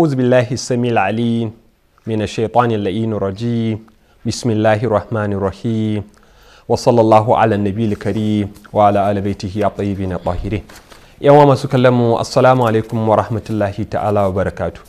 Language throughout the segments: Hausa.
أعوذ بالله السميع العليم من الشيطان اللئين الرجيم بسم الله الرحمن الرحيم وصلى الله على النبي الكريم وعلى آل بيته الطيبين الطاهرين يوم ما سكلموا السلام عليكم ورحمة الله تعالى وبركاته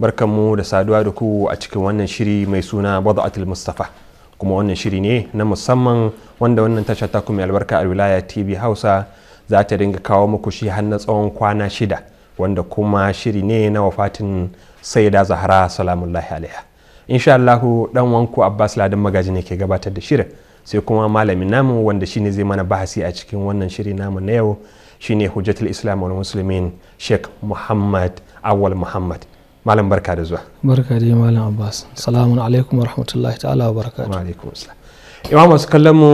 barkanmu da saduwa da ku a cikin wannan shiri mai suna wada'atul mustafa kuma wannan shiri ne na musamman wanda wannan tasha ta kuma albarka a wilaya tv hausa za ta dinga kawo muku shi har na tsawon kwana shida wanda kuma shiri ne na wafatin sayyida zahara salamullahi alaiha insha Allahu dan wanku Abbas Ladan Magaji ne ke gabatar da shirin sai kuma malamin namu wanda shine zai mana bahasi a cikin wannan shiri namu na yau shine Hujjatul Islam wal Muslimin Sheikh Muhammad Awal Muhammad malam barka da zuwa barka da malam Abbas salamun alaikum wa rahmatullahi ta'ala wa barakatuh wa alaikum assalam imam su kallon mu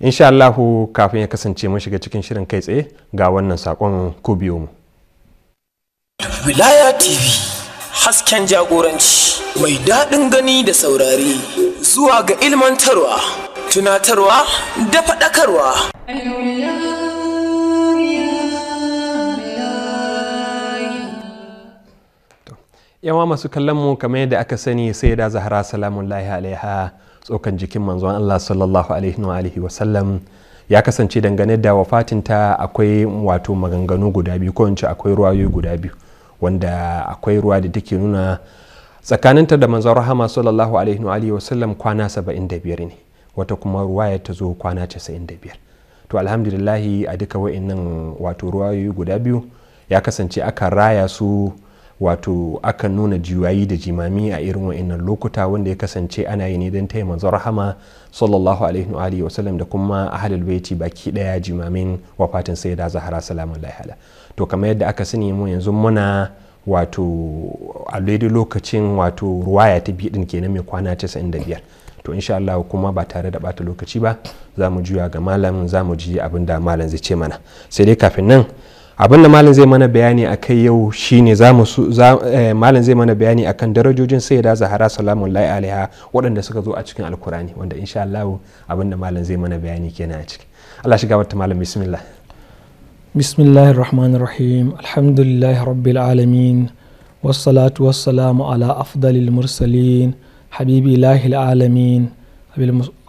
insha Allahu kafin ya kasance mun shiga cikin shirin kai tsaye ga wannan sakon ku biyo mu Wilaya TV hasken jagoranci mai daɗin gani da saurari, zuwa ga ilmantarwa, tunatarwa da faɗakarwa. Yawa masu kallon mu kamar yadda aka sani sai da Zahra salamun lahi alaiha tsokan jikin manzon Allah sallallahu alaihi wa ya kasance dangane da wafatinta akwai wato maganganu guda biyu ko akwai ruwayoyi guda biyu. wanda akwai ruwa da take nuna tsakaninta da manzon rahama sallallahu alaihi wa alihi wasallam kwana 75 ne wata kuma ruwa ta zo kwana 95 to alhamdulillah a duka wa'annan wato ruwayoyi guda biyu ya kasance aka raya su wato aka nuna jiwayi da jimami a irin wa'annan lokuta wanda ya kasance ana yi ne don taya manzon rahama sallallahu alaihi wa alihi da kuma ahlul baiti baki daya jimamin wafatin sayyida zahra salamun alaiha to kamar yadda aka sani mu yanzu muna wato a lokacin wato ruwaya ta biyu din kenan mai kwana 95 to insha Allah kuma ba tare da bata lokaci ba za mu juya ga malamin za mu ji abin da malam zai ce mana sai dai kafin nan abin da malam zai mana bayani a kai yau shine eh, malam zai mana bayani a kan darajojin sai da zahara salamun lai alaiha waɗanda suka zo a cikin alkurani wanda insha Allah abin da malam zai mana bayani kenan a ciki Allah shiga wata malam bismillah بسم الله الرحمن الرحيم الحمد لله رب العالمين والصلاة والسلام على أفضل المرسلين حبيب الله العالمين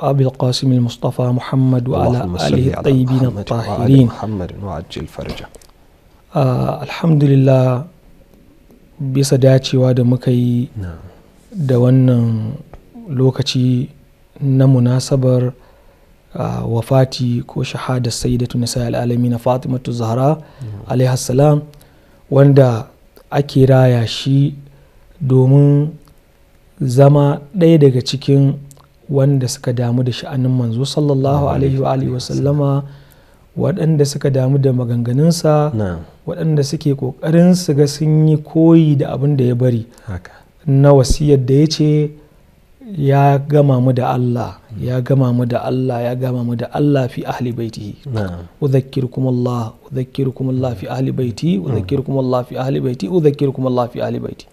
أبي القاسم المصطفى محمد وعلى آله الطيبين الطاهرين محمد وعجل فرجه آه الحمد لله بصداتي dacewa da muka yi da wannan lokaci wafati ko shahadar sayyidatu nisa al'alami na fatimatu zahra alaihi wanda ake raya shi domin zama ɗaya daga cikin wanda suka damu da sha'anin manzo sallallahu alaihi wa alihi wasallama waɗanda suka damu da maganganunsa waɗanda suke ƙoƙarin su ga sun yi koyi da abin da ya bari na wasiyar da ya ce ya gama mu da Allah ya gama mu da Allah ya gama mu da Allah fi ahli baitihi udhakkirukum Allah udhakkirukum Allah fi ahli baiti hmm. udhakkirukum Allah fi ahli baiti udhakkirukum Allah fi ahli baiti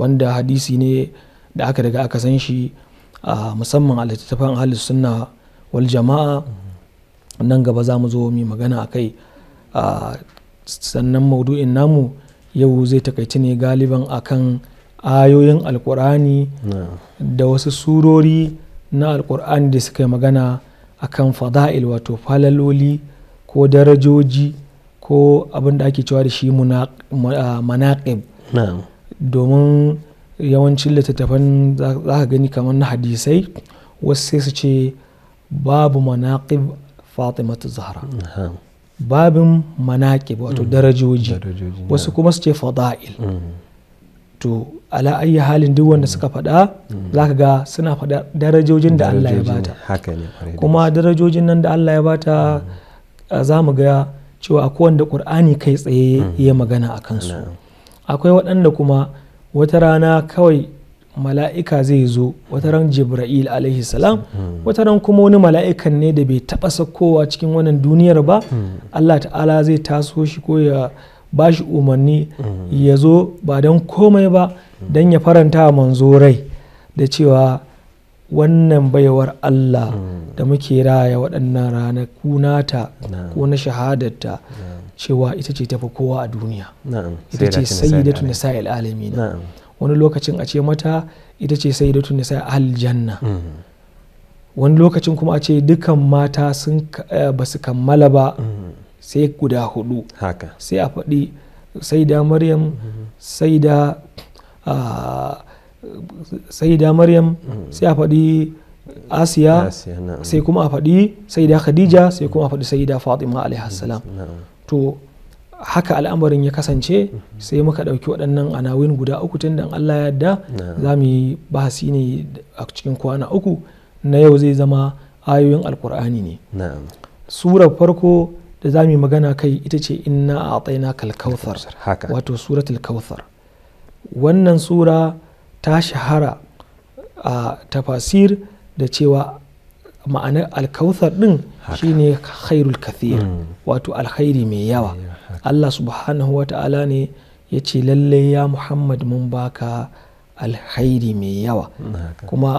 wanda hadisi ne da aka daga aka san shi musamman a littattafan ahli sunna wal jama'a hmm. nan gaba za mu zo mu magana akai sannan maudu'in namu yau zai takaici ne galiban akan ayoyin alkur'ani da wasu surori na alkur'an da suka yi magana akan fada'il wato falaloli ko darajoji ko abin da ake cewa da shi ah, manaƙib domin yawancin littattafan za ka gani kamar na hadisai wasu sai su ce babu manaƙib fatimatu zahra babin manaƙib wato mm. darajoji wasu kuma su ce fada'il mm. to ala ayyi halin duk wanda suka faɗa mm. zaka ga suna fada darajojin da Allah ya bata kuma darajojin nan da Allah ya bata mm. za mu ga cewa akwai wanda ƙur'ani kai tsaye mm. ya magana a kansu akwai waɗanda kuma wata rana kawai mala'ika zai zo wata ran jibra'il alaihi salam wata ran kuma wani mala'ikan ne da bai taɓa sakowa cikin wannan duniyar ba Allah ta'ala zai taso shi ko ya ba shi umarni ya zo ba don komai ba don ya faranta manzo rai da cewa wannan baiwar Allah da muke raya waɗannan ranaku nata ko na shahadarta cewa ita ce tafi kowa a duniya ita ce sai sayyidatu nisa'il na wani lokacin a ce mata ita ce sai sayyidatu nisa aljanna hmm. wani lokacin kuma a ce dukan mata eh, ba su kammala ba hmm. sai guda hudu sai a faɗi sai da maryam sai da sai da maryam sai a faɗi asiya sai kuma a faɗi sai da khadija sai kuma a faɗi sai da fatima alaihassalam to haka al'amarin ya kasance sai muka ɗauki waɗannan anawin guda uku tun da allah ya yadda za mu yi bahasi ne a cikin kwana uku na yau zai zama ayoyin alkur'ani ne sura farko da za mu yi magana kai ita ce inna a atsaina kalkauthar wato suratul kauthar wannan sura ta shahara a tafasir da cewa ma'anar alkauthar din shine khairul kathir mm. wato alkhairi mai yawa Allah subhanahu wa ta'ala ne ya ce lallai ya Muhammad mun baka alkhairi mai yawa kuma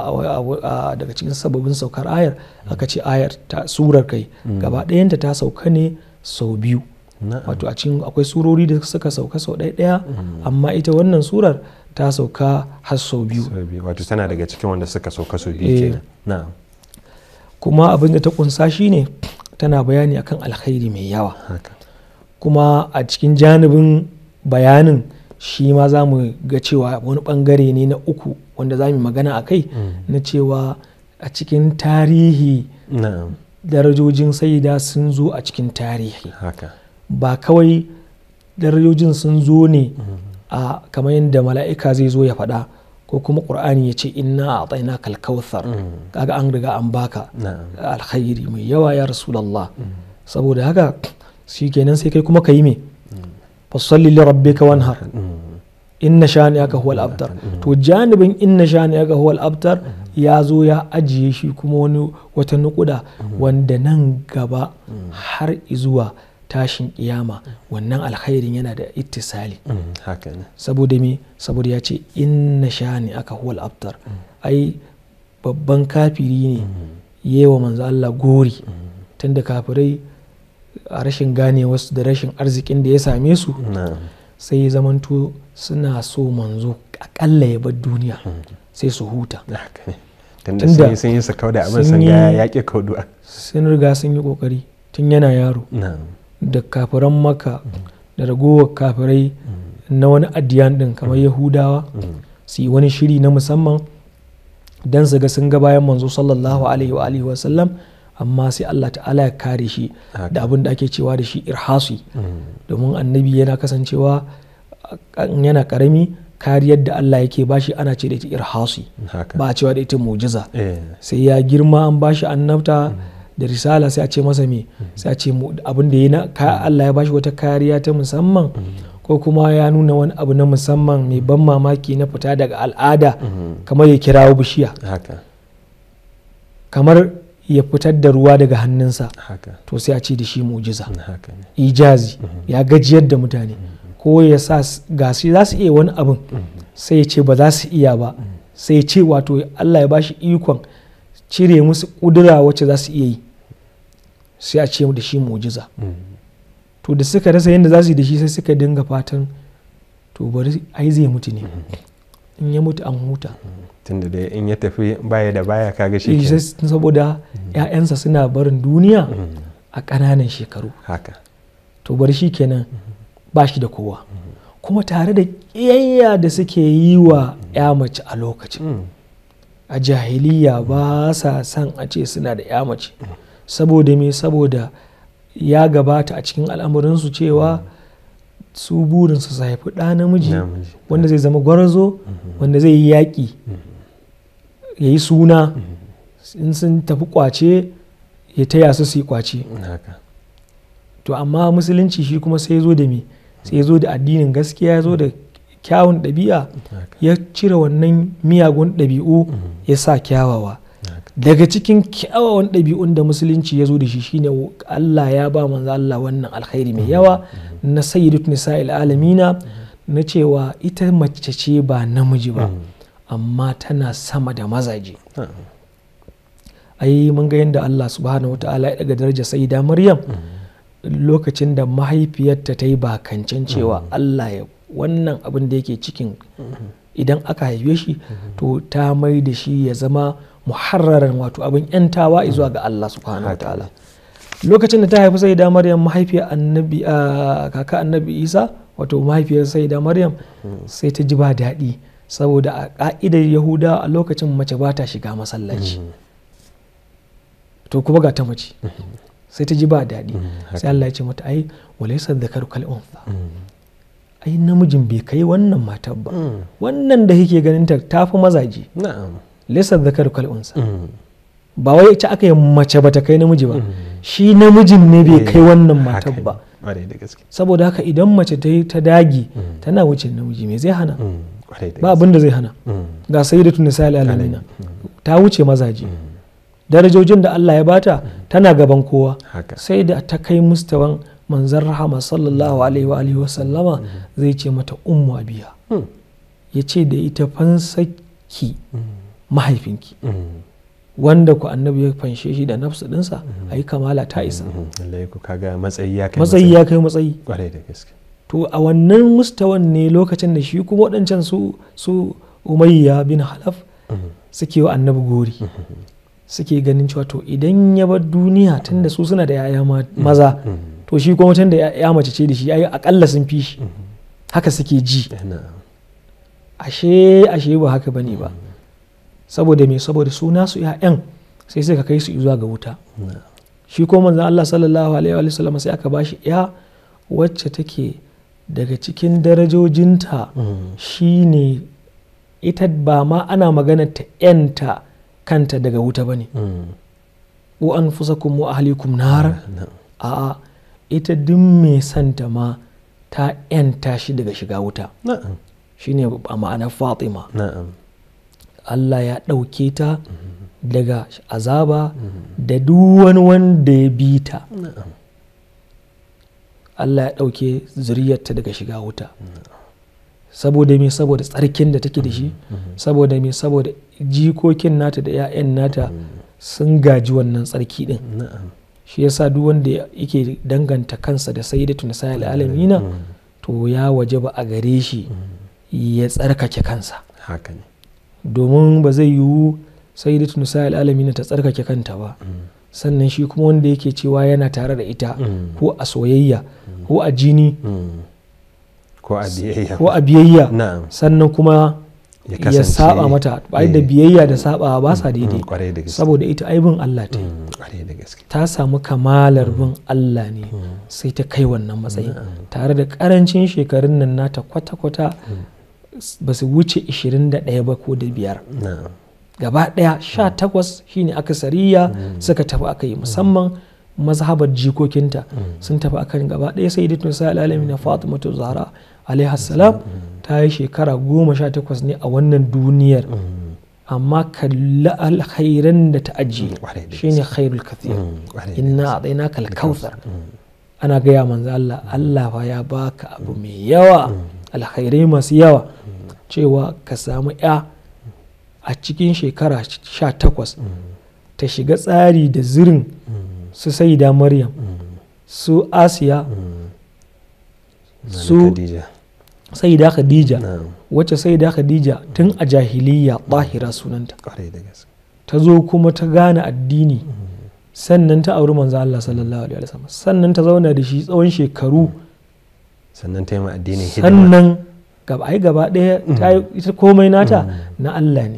daga cikin sababin saukar ayar aka ce ayar ta surar kai mm. gaba ɗayanta ta sauka ne sau biyu wato a cikin akwai surori da suka sauka sau ɗaya ɗaya mm. amma ita wannan surar ta sauka har sau biyu wato tana daga cikin wanda suka sauka sau biyu eh. kenan kuma abin da ta kunsa shine tana bayani akan alkhairi mai yawa kuma a cikin janibin bayanin shi ma za mu ga cewa wani bangare ne na uku wanda za mu magana a kai mm. na cewa a cikin tarihi darajojin sayida sun zo a cikin tarihi ba kawai darajojin sun zo ne mm-hmm. a kamar yadda mala'ika zai zo ya faɗa ko kuma ƙur'ani ya ce inna a tsaina kalkauthar mm. kaga an riga an baka alkhairi mai yawa ya rasulallah mm. saboda haka shi kenan sai kai kuma ka yi me fasalli li wanhar inna shani'aka huwal abtar to janibin inna aka huwal abtar ya zo ya ajiye shi kuma wani wata nukuda wanda nan gaba har izuwa tashin kiyama wannan alkhairin yana da ittisali saboda me saboda ya ce inna aka huwal abtar ai babban kafiri ne wa manzo Allah gori tunda kafirai a rashin gane wasu da rashin arzikin da ya same su sai zamantu suna so manzo akalla ya bar duniya sai su huta tunda sun yi sakau da abin sun ga ke kauduwa sun riga sun yi kokari tun yana yaro da kafiran maka da ragowar kafirai na wani adiyan din kamar mm. yahudawa mm. su yi wani shiri na musamman don su ga sun ga bayan manzo sallallahu alaihi wa sallam amma sai Allah ta'ala ya kare shi da abin da ake cewa da shi irhasi domin annabi yana kasancewa yana karami kariyar da Allah yake bashi ana ce da ita irhasi ba a cewa da ita mujiza eh. sai ya girma an bashi annabta da risala sai a ce masa me mm. sai a ce abin da yana mm. Allah ya bashi wata kariya ta musamman mm. ko kuma ya nuna wani abu na musamman mai ban mamaki na fita daga al'ada kamar ya kirawo bishiya kamar ya fitar da ruwa daga hannunsa to sai a ce da shi mu'jiza ijazi mhm. ya gajiyar da mutane mhm. ko ya sa gasi za su iya wani abin mhm. sai ya ce ba za su iya ba sai ya ce wato Allah ya ba shi ikon cire musu kudura wacce za su iya yi sai a ce da shi mu'jiza to da suka rasa yadda za su yi da shi sai suka dinga fatan to bari ai zai mutu ne in ya mutu an huta tunda da in ya tafi baya da baya kaga shi eh, saboda mm. ƴaƴansa suna barin duniya mm. a ƙananan shekaru haka to bar shi kenan mm. ba shi da kowa kuma tare da ƙiyayya da suke yi wa ya mace a lokacin a jahiliya ba sa son a ce suna da ya mace saboda me saboda ya gabata a cikin al'amuransu cewa su burin su haifi ɗa namiji wanda zai zama gwarzo mhm. wanda zai yi yaƙi mhm. ya yi suna mhm. in sun tafi kwace ya taya su su yi kwace to amma musulunci shi kuma sai zo da me sai zo da addinin gaskiya ya zo da kyawun ɗabi'a ya cire wannan miyagun ɗabi'u ya sa kyawawa daga cikin kyawawan ɗabi'un da musulunci ya zo da shi shine Allah ya ba manzo Allah wannan alkhairi mai yawa na sayyidat nisa'il alamina na cewa ita mace ce ba namiji ba amma tana sama da mazaje ai mun ga yadda Allah subhanahu wataala ya daga daraja sayyida Maryam lokacin da mahaifiyarta ta yi bakancin cewa Allah ya wannan abin da yake cikin idan aka haife shi to ta mai da shi ya zama muharraran wato abin yantawa zuwa ga Allah subhanahu wataala lokacin da ta haifi sai da maryam mahaifiyar annabi kaka annabi isa wato mahaifiyar sai da maryam hmm. sai ta ji ba daɗi saboda a ka'idar yahuda a lokacin mace ba ta shiga masallaci hmm. to kuma ga ta mace hmm. sai ta ji ba daɗi sai Allah ya ce mata ai walaysa dhakaru kal unsa ai namijin bai kai wannan matar ba wannan da kike ganin ta tafi mazaje na'am laysa zakar kal unsa mm. ba wai ita aka yi mace ba ta kai namiji ba shi namijin ne bai kai wannan eh, matar ba saboda haka idan mace ta yi ta dagi mm. tana wuce namiji me zai hana mm. ba abin da zai hana ga da tunisa alalina ta wuce mazaje darajojin da Allah ya bata tana gaban kowa sai da ta kai mustawan manzan rahama sallallahu alaihi wa alihi zai ce mata umma biya. ya ce da ita fansaki mahaifinki mm. wanda ku annabi ya fanshe shi da nafsu dinsa mm. a yi kamala ta isa mm. matsayi ya kai matsayi to a wannan mustawan ne lokacin da shi kuma waɗancan su su umayya bin halaf suke wa annabi gori suke ganin cewa to idan ya bar duniya tun da su suna da yaya maza to shi kuma da ya mace ce da shi yayi akalla sun fi shi haka suke ji eh, ashe ashe ba haka bane ba saboda mai saboda suna su ya'yan sai sai ka kai su zuwa ga wuta shi ko manzan Allah sallallahu alaihi wa sallam sai aka bashi ya wacce take daga cikin darajojinta shine ita ba ma ana magana ta yanta kanta daga wuta bane wa anfusakum wa ahlikum nar a'a ita duk mai santa ma ta yanta shi daga shiga wuta shine a ma'anar Fatima Allah ya ɗauke ta mhm. daga azaba da duk wani wanda ya bi ta Allah ya ɗauke zuriyarta daga shiga wuta saboda me saboda tsarkin da take da shi mhm. Mhm. saboda me saboda jikokin nata da 'ya'yan nata sun gaji wannan tsarki din shi yasa duk wanda yake danganta kansa da sai da tunisa alamina to ya waje ba a gare shi ya tsarkake kansa domin ba zai yiwu sai da tunisa alamina ta tsarkake kanta ba mm. sannan shi kuma wanda yake cewa yana tare da ita mm. ko a soyayya ko a jini mm. ko a biyayya sannan kuma ya saba mata ba da eh. biyayya da saba ba sa daidai saboda ita ai bin Allah ta ta samu kamalar bin Allah ne sai ta kai wannan matsayin tare da karancin shekarun nan nata kwata-kwata ba su wuce 21 ba ko da biyar gaba ɗaya 18 shine aka akasariya mm. suka tafi aka yi musamman mazhabar jikokinta mm. sun tafi akan gaba daya sai ditun sa alalami na fatimatu zahra alaihi salam mm. ta yi shekara goma sha takwas ne a wannan duniyar amma kalli alkhairan da ta ajiye shine khairul kathir inna a'tainaka alkautsar ana gaya manzo Allah Allah ya baka abu mai yawa alkhairai masu yawa cewa ka samu ya a cikin shekara sha takwas mm. ta shiga tsari da zirin mm. su saida maryam mm. su asiya su saida khadija wacce saida khadija tun a jahiliya bahira sunanta ta zo kuma ta gane addini sannan ta auri manzo Allah sallallahu alaihi wasallam sannan ta zauna da shi tsawon shekaru sannan ta yi ma addini hidima sannan gaba ai gaba ɗaya mm. ta yi ita komai nata mm. na Allah ne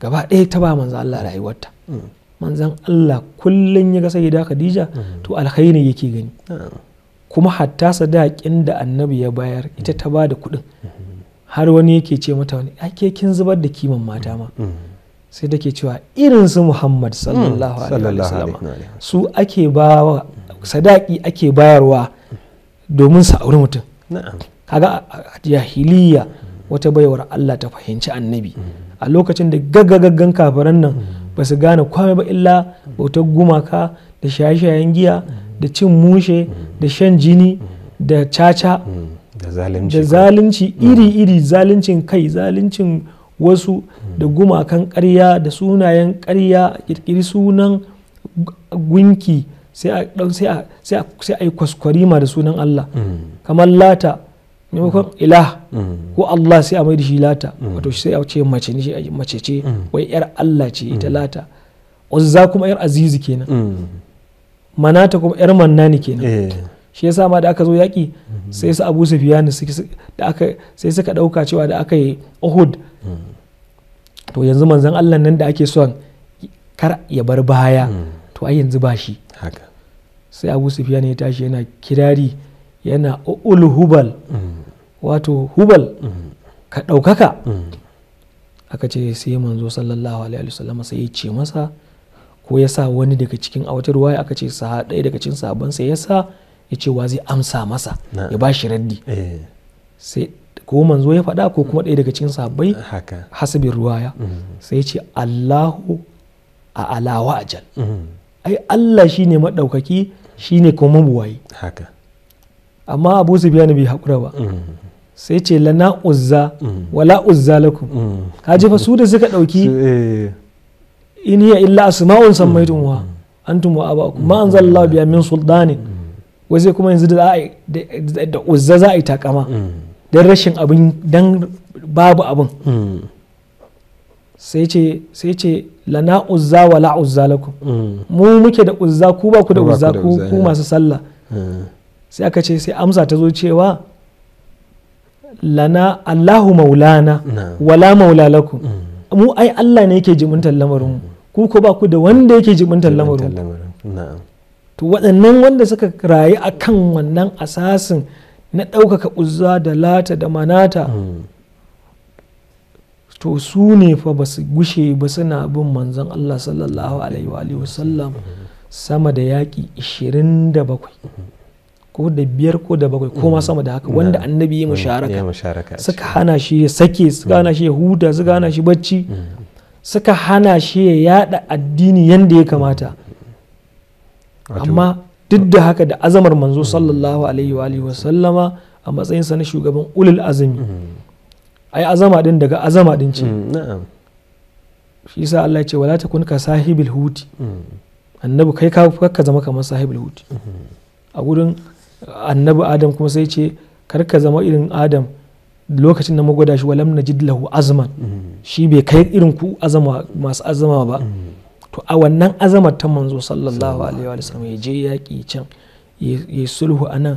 gaba ɗaya ta ba manzo Allah rayuwarta mm. manzan Allah kullum ya ga sayyida Khadija to alkhairi yake gani ah. kuma hatta sadakin da annabi ya bayar ita ta ba da kuɗin har wani yake ce mata wani ake kin zubar da kiman mata ma sai take cewa irin su Muhammad sallallahu alaihi wasallam su ake ba sadaki ake bayarwa domin su auri mutum kaga a jahiliya wata baiwar Allah ta fahimci annabi a lokacin da gaggagaggan kafiran nan ba su gane kwame ba illa bautar gumaka da shaye-shayen giya da cin mushe da shan jini da caca mm, da zalunci mm. iri-iri zaluncin kai zaluncin wasu da mm. gumakan karya da sunayen karya kirkiri sunan gunki sai a sai a yi kwaskwarima da sunan Allah mm. kamar lata maimakon mm. ilah mm. ko Allah sai a mai da shi lata wato sai a ce mace ne mace ce wai yar Allah ce ita lata uzza kuma yar azizi kenan manata kuma yar manna mannani kenan eh. shi yasa ma da aka zo yaki. Mm-hmm. sai su abu sufiyani da sai suka ɗauka cewa da aka yi uhud to yanzu manzon allah nan da ake son kar ya bar baya to ai yanzu ba shi sai abu sufiyan ya tashi yana kirari yana ul hubal wato hubal ka ɗaukaka aka ce sai manzo sallallahu alaihi wasallam sai ya ce masa ko ya sa wani daga cikin autar waya aka ce sa ɗaya daga cikin sai ya sa ya ce wa zai amsa masa ya ba shi raddi eh. sai ko manzo ya faɗa ko kuma ɗaya daga cikin sabai hasabin ruwaya mm. sai ya ce Allahu a alawa ajal mm. ai Allah shi ne maɗaukaki ne kuma mabuwayi haka amma abu sufyan bai haƙura ba mm. sai ce lana uzza mm. wala uzza lakum mm. ka fa su da suka dauki eh. in ya illa asma'un sammaytumuha antum wa abakum ma anzalallahu biya min sultani wai zai kuma yanzu da uzza za a yi takama don rashin abin don babu abin sai ce sai ce lana uzza wa la uzza lakum mm. mu muke da uzza ku ba ku da uzza ku masu sallah mm. sai aka ce sai amsa ta zo cewa lana allahu maulana wala maula lakum mm. mu ai allah ne yake jimintar lamarin ku ko ba ku da wanda yake jimintar lamarin to waɗannan wanda suka rayu akan wannan asasin na ɗaukaka uzza da lata da manata to su ne fa ba su gushe ba suna bin manzon Allah sallallahu alaihi wa sallam sama da yaƙi 27 ko da biyar ko da bakwai ko ma mm-hmm. sama da haka wanda mm-hmm. annabi ya mm-hmm. musharaka suka hana shi ya sake suka hana shi ya huta suka hana shi bacci suka hana shi ya yada addini yanda ya kamata amma duk da haka da azamar manzo sallallahu alaihi wa sallama a matsayinsa na shugaban ulul azumi ai azama din daga azama din ce mm, shi sa Allah ce wala takun ka sahibil huti mm. annabi kai ka ka zama kamar sahibil huti mm-hmm. a gurin annabi adam kuma sai ce kar ka zama irin adam lokacin da magwada shi walam najid lahu azman mm. shi bai kai irin ku azama masu azama ba to a wannan azamar ta manzo sallallahu alaihi wa sallam ya je yaƙi can ya sulhu anan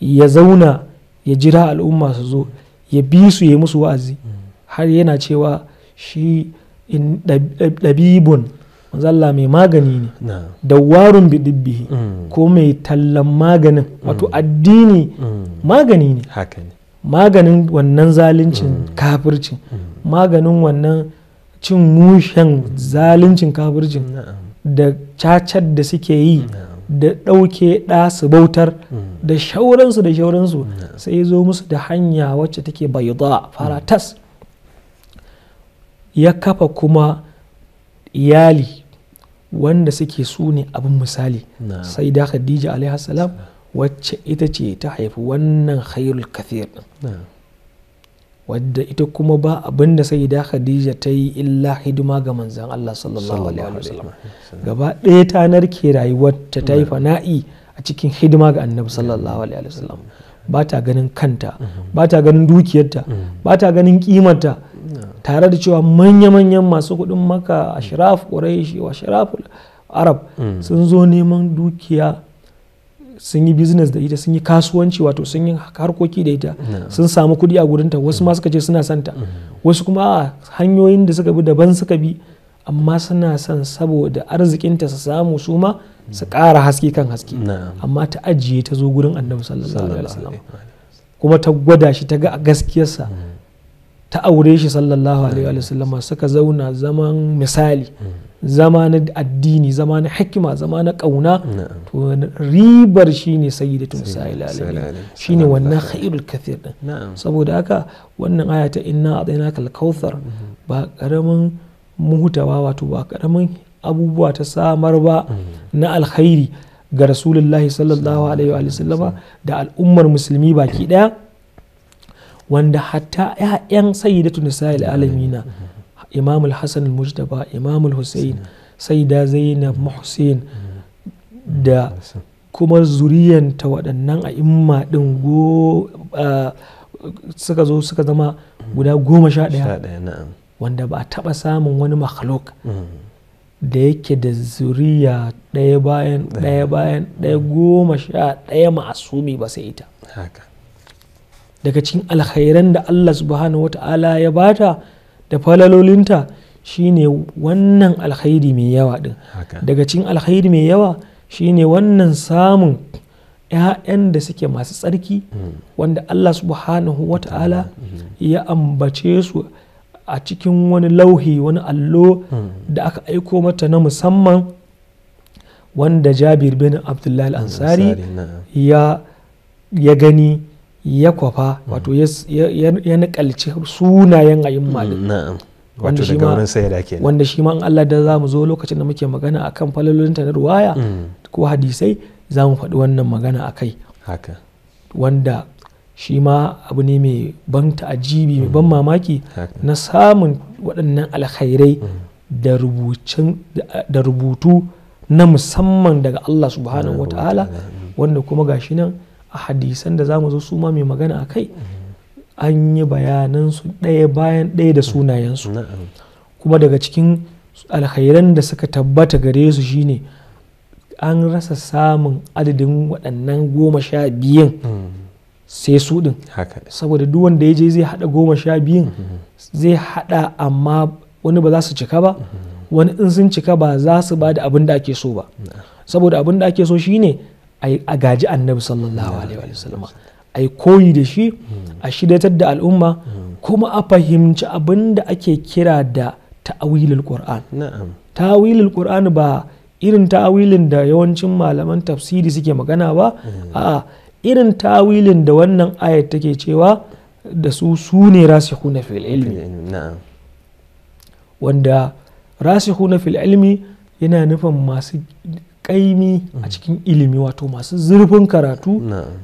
ya zauna ya jira al'umma su zo ya bi su ya musu wa'azi mm. har yana cewa shi ɗabibun zalla mai magani ne dawarun bidibbihi mm. ko mai tallan maganin mm. wato addini magani ne maganin wannan zaluncin kafircin maganin wannan cin mushen zaluncin kafircin da cacar da suke yi da ɗauke ɗa su bautar mm. da shauransu da shauransu mm. sai zo musu da hanya wacce take bayda fara mm. tas ya kafa kuma iyali wanda suke su ne abin misali sai da khadija alaihi wacce ita ce ta haifi wannan khairul kathir wadda ita kuma ba abinda da sai da khadija ta yi illa hidima ga manzan Allah sallallahu alaihi wasallam gaba ɗaya ta narke rayuwarta ta yi mm. fana'i a cikin hidima ga annabi sallallahu mm. alaihi wasallam ba ta ganin kanta mm. ba ta ganin dukiyarta ba ta ganin kimarta tare da cewa manya-manyan masu kuɗin maka ashraf quraishi wa ashraf arab sun zo neman dukiya sun yi business da ita sun yi kasuwanci wato sun yi harkoki da ita sun samu kuɗi a gurinta wasu ma suka ce suna santa mm-hmm. wasu kuma a hanyoyin da suka bi daban suka bi amma suna son saboda arzikinta su samu su ma su ƙara haske kan haske amma ta ajiye ta zo gurin annabi sallallahu alaihi wasallam kuma ta gwada shi ta ga a gaskiyarsa mm-hmm. ta aure shi sallallahu alaihi wasallam suka zauna zaman misali mm-hmm. zama na addini zama na hikima zama na kauna to ribar shine sayyidatun sa'il alamin shine wannan khairul kathir din saboda haka wannan aya ta inna atainakal kautsar mhm. ba karamin muhutawa wato ba karamin abubuwa ta samar ba mhm. na alkhairi ga rasulullahi sallallahu alaihi wa sallama da al'ummar musulmi baki daya wanda hatta 'ya'yan sayyidatu nisa'il alamina mhm. imam hassan al-mujtaba imam al-hussein sai da zainab muhsin da kuma zuriyanta waɗannan a imma ɗin suka zo suka zama guda goma sha ɗaya wanda ba a taɓa samun wani makhluk da yake da zuriya ɗaya bayan ɗaya bayan ɗaya goma sha ɗaya ma'asumi ba sai ita daga cikin alkhairan da allah subhanahu wa ta'ala ya bata da falalolinta shine wannan alkhairi mai yawa din daga cikin alkhairi mai yawa shine wannan samun 'ya'yan da suke masu tsarki hmm. wanda Allah subhanahu wa ta'ala hmm. ya ambace su a cikin wani lauhi wani allo hmm. da aka aiko mata na musamman wanda jabir bin abdullahi ansari ya gani ya kwafa wato mm. ya nikalci sunayen ayin mm, malik wanda shi ma wanda shi ma in Allah da za mu zo lokacin da muke magana akan falalolin ta na ruwaya mm. ko hadisai za mu faɗi wannan magana a kai wanda shi ma abu ne mai ban ta'ajibi mai ban mamaki na samun waɗannan alkhairai da rubutu na musamman daga Allah subhanahu wa ta'ala wanda kuma gashi nan a hadisan da zamu zo su ma mai magana a kai an yi bayanan su ɗaya bayan ɗaya da sunayensu kuma daga cikin alkhairan da suka tabbata gare su shine an rasa samun adadin waɗannan goma sha biyun hmm. sai su ɗin saboda duk wanda ya je zai haɗa goma sha biyun hmm. zai haɗa amma wani ba za su cika ba hmm. wani in sun cika ba za su ba da abin da ake so ba saboda abin da ake so shine a gaji annabi sallallahu alaihi wasallam a koyi da shi a shidatar da al'umma kuma a fahimci abin da ake kira da ta'awilul qur'an ta'awilul qur'an ba irin ta'awilin da yawancin malaman tafsiri suke magana ba hmm. a'a irin ta'awilin da wannan ayat take cewa da su su ne rasikhuna fil ilmi wanda rasikhuna fil ilmi yana nufin masu kaimi a mm. cikin ilimi wato masu zurfin karatu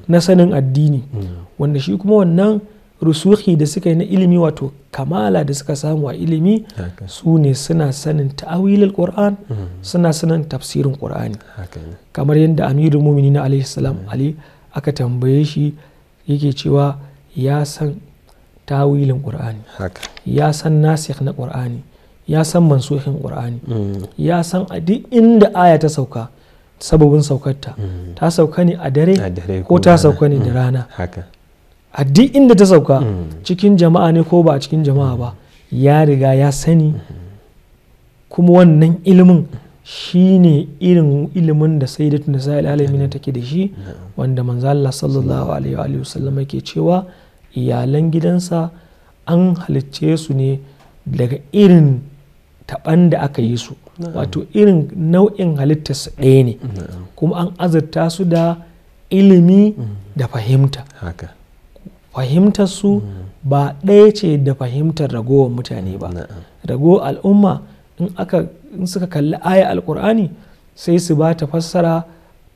na sanin addini mm. wanda shi kuma wannan rusuhi da suka yi na ilimi wato kamala da suka samu a ilimi su ne suna sanin ta'awilil qur'an mm. suna sanin tafsirin qur'ani kamar yadda amirul na salam ali aka tambaye shi yake cewa ya san tawilin qur'ani ya san nasikh na qur'ani ya san mansuhin ƙur'ani mm. ya san a duk inda aya ta sauka sababin saukarta mm. ta sauka ne a dare ko ta sauka ne da mm. rana a duk inda ta sauka cikin jama'a ne ko ba a cikin jama'a ba ya riga ya sani kuma wannan ilimin shine irin ilimin da sai da tunda sai alamina take da shi wanda manzo Allah sallallahu alaihi wa sallam yake cewa iyalan gidansa an halicce su ne daga irin taɓan da aka yi su wato irin nau'in su ɗaya ne kuma an azurta su da ilimi mm. da fahimta fahimtar su mm. ba ɗaya ce da fahimtar ragowar mutane ba ragowar al'umma in aka in suka kalli aya alkur'ani sai su ba ta fassara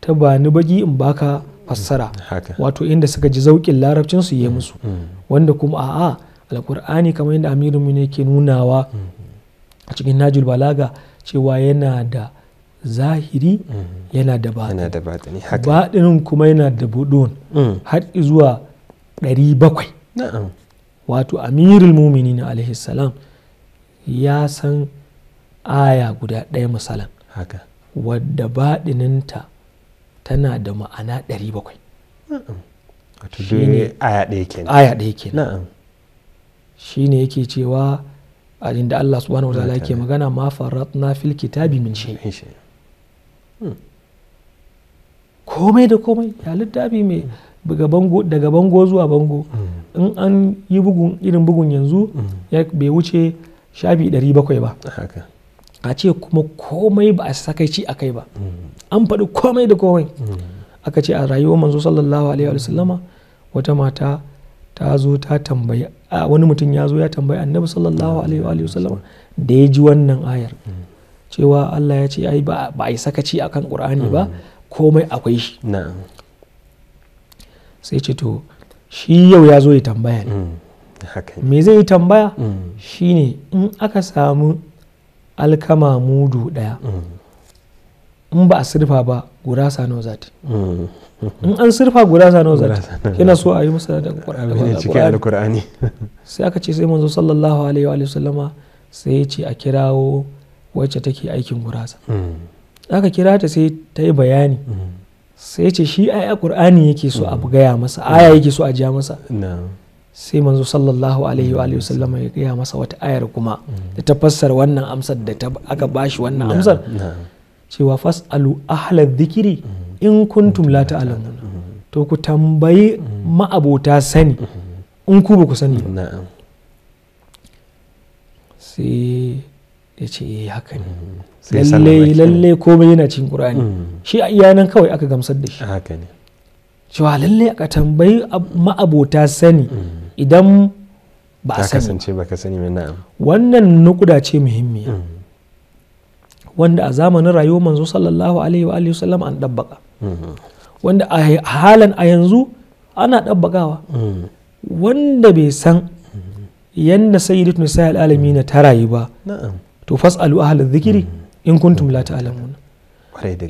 ta ba ni baki in baka fassara mm. wato inda suka ji zauƙin larabcin su yi musu wanda kuma a'a alkur'ani kamar yadda amirin ne ke nunawa a cikin najul balaga cewa yana da zahiri mm-hmm. yana da batini batinin kuma yana da budon mm. har zuwa 700 wato amirul muminin alaihi salam ya san aya guda ɗaya misalan wadda baɗininta tana da ma'ana 700 aya ɗaya kenan shi ne yake cewa a inda Allah subhanahu wa ta'ala ke magana ma faratna fil kitabi min shay hmm. komai da komai ya littafi mai daga bango zuwa bango hmm. in an yi bugun irin bugun yanzu hmm. ya bai wuce shafi 700 ba a ce kuma komai ba a sakaici a kai ba an faɗi komai da komai aka ce a rayuwar manzo sallallahu alaihi wa sallama wata mata ta zo ta tambaya. wani mutum ya zo ya tambayi annabi sallallahu alaihi sallam da ya ji wannan ayar hmm. cewa Allah ya ce ai ba a yi sakaci akan Qur'ani ba hmm. komai akwai shi sai ce to shi yau ya zo ya tambaya ne hmm. me zai yi tambaya shine in aka samu alkama mudu ɗaya in ba a sirfa ba gurasa nawa za ta an surfa gurasa na za yana so a yi musu da alƙur'ani cikin alƙur'ani sai aka ce sai manzo sallallahu alaihi wa sallama sai ya ce a kirawo wacce take aikin gurasa mm. aka kira ta sai ta yi bayani mm. sai ce shi ai alƙur'ani yake so a mm. gaya masa aya yake so a ja masa sai manzo sallallahu alaihi wa sallama ya gaya masa wata ayar kuma da ta fassara wannan amsar da aka bashi wannan amsar cewa fasalu ahla dhikri in kuntum la ta'lamun to ku tambayi ma'abota sani in ku ba ku sani sai ya ce yi eh, haka ne lalle mm. lalle komai yana cikin qur'ani mm. shi a iyanan kawai aka gamsar da shi haka ne cewa lalle aka tambayi ma'abota sani mm. idan ba a sani ba ka sani na'am wannan nukuda ce muhimmiya wanda a zamanin rayuwar manzo sallallahu alaihi wa alihi wasallam an dabbaka mm-hmm. wanda a halan a yanzu ana dabbakawa mm-hmm. wanda bai san mm-hmm. yanda sayyidat nisa alamin ta rayu ba to fasalu ahli dhikri in kuntum la ta'lamun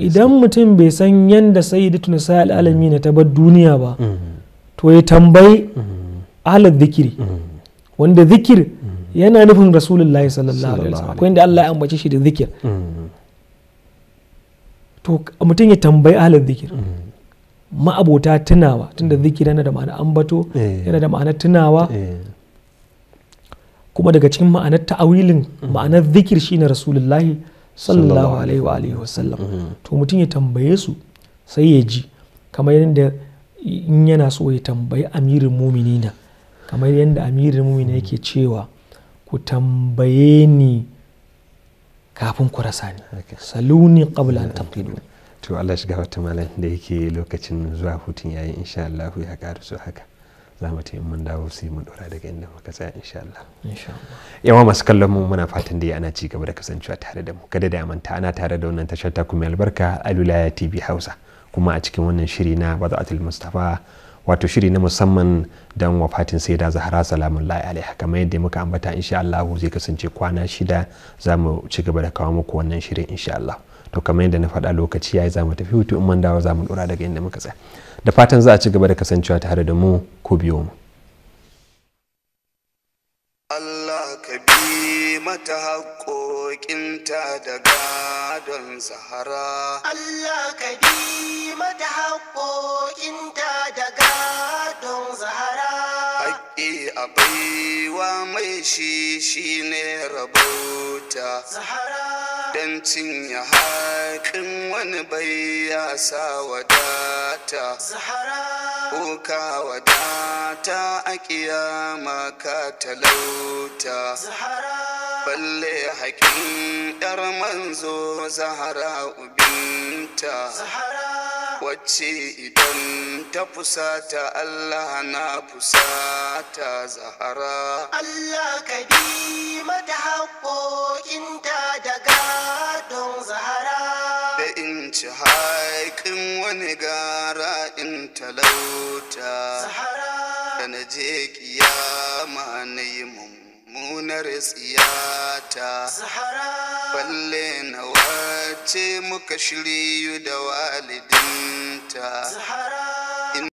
idan mutum bai san yanda sayyidat nisa alamin ta bar duniya ba to ya tambayi ahli dhikri wanda zikir yana nufin rasulullahi sallallahu alaihi wasallam akwai inda Allah ya ambace shi da zikir mm-hmm. to mutum ya tambayi ahlul zikir mm-hmm. ma'abota tunawa tunda mm-hmm. zikir yana da ma'ana ambato eh. yana da ma'ana tunawa eh. kuma daga cikin ma'anar ta'awilin ma'anar zikir shine rasulullahi sallallahu alaihi wa alihi wasallam to mutum ya tambaye su sai ya ji kamar yadda in yana so ya tambayi amirin muminina kamar yadda amirin mumini yake cewa ku tambaye ni kafin ku rasa ni saluni qabla an taqidu to Allah shiga wata malam da yake lokacin zuwa hutun yayi insha Allah ya karu su haka za mu ta mun dawo sai mun dora daga inda muka tsaya insha Allah. Yawa masu kallon mu muna fatan da ana ci gaba da kasancewa tare da mu. Kada da manta ana tare da wannan tashar ta kuma albarka Alulaya TV Hausa. Kuma a cikin wannan shiri na Bada'atul Mustafa wato shiri na musamman don wafatin sai da zahara salamun la'i alaiha kamar yadda muka ambata insha Allah zai kasance kwana shida za mu ci gaba da kawo muku wannan shirin insha Allah to kamar yadda na faɗa lokaci yayi za mu tafi hutu in mun dawo za mu dora daga inda muka tsaya da fatan za a ci gaba da kasancewa tare da mu ku biyo mu Allah ka bi mata haƙoƙinta da gadon zahara Allah ka bi mata haƙoƙinta da gadon a wa mai shi shine rabota don cinye haƙin wani bai ya sa wadata ka wadata a ƙiyama ka talauta balle haƙin 'yar manzo zahara ubinta wacce idan ta fusata Allah na fusata zahara Allah ka bi mata haƙoƙinta daga don zahara da in ci haƙin wani gara in talauta zahara da na je kiyama na yi mummuna mummunar tsiyata balle na wace muka shiryu da walidinta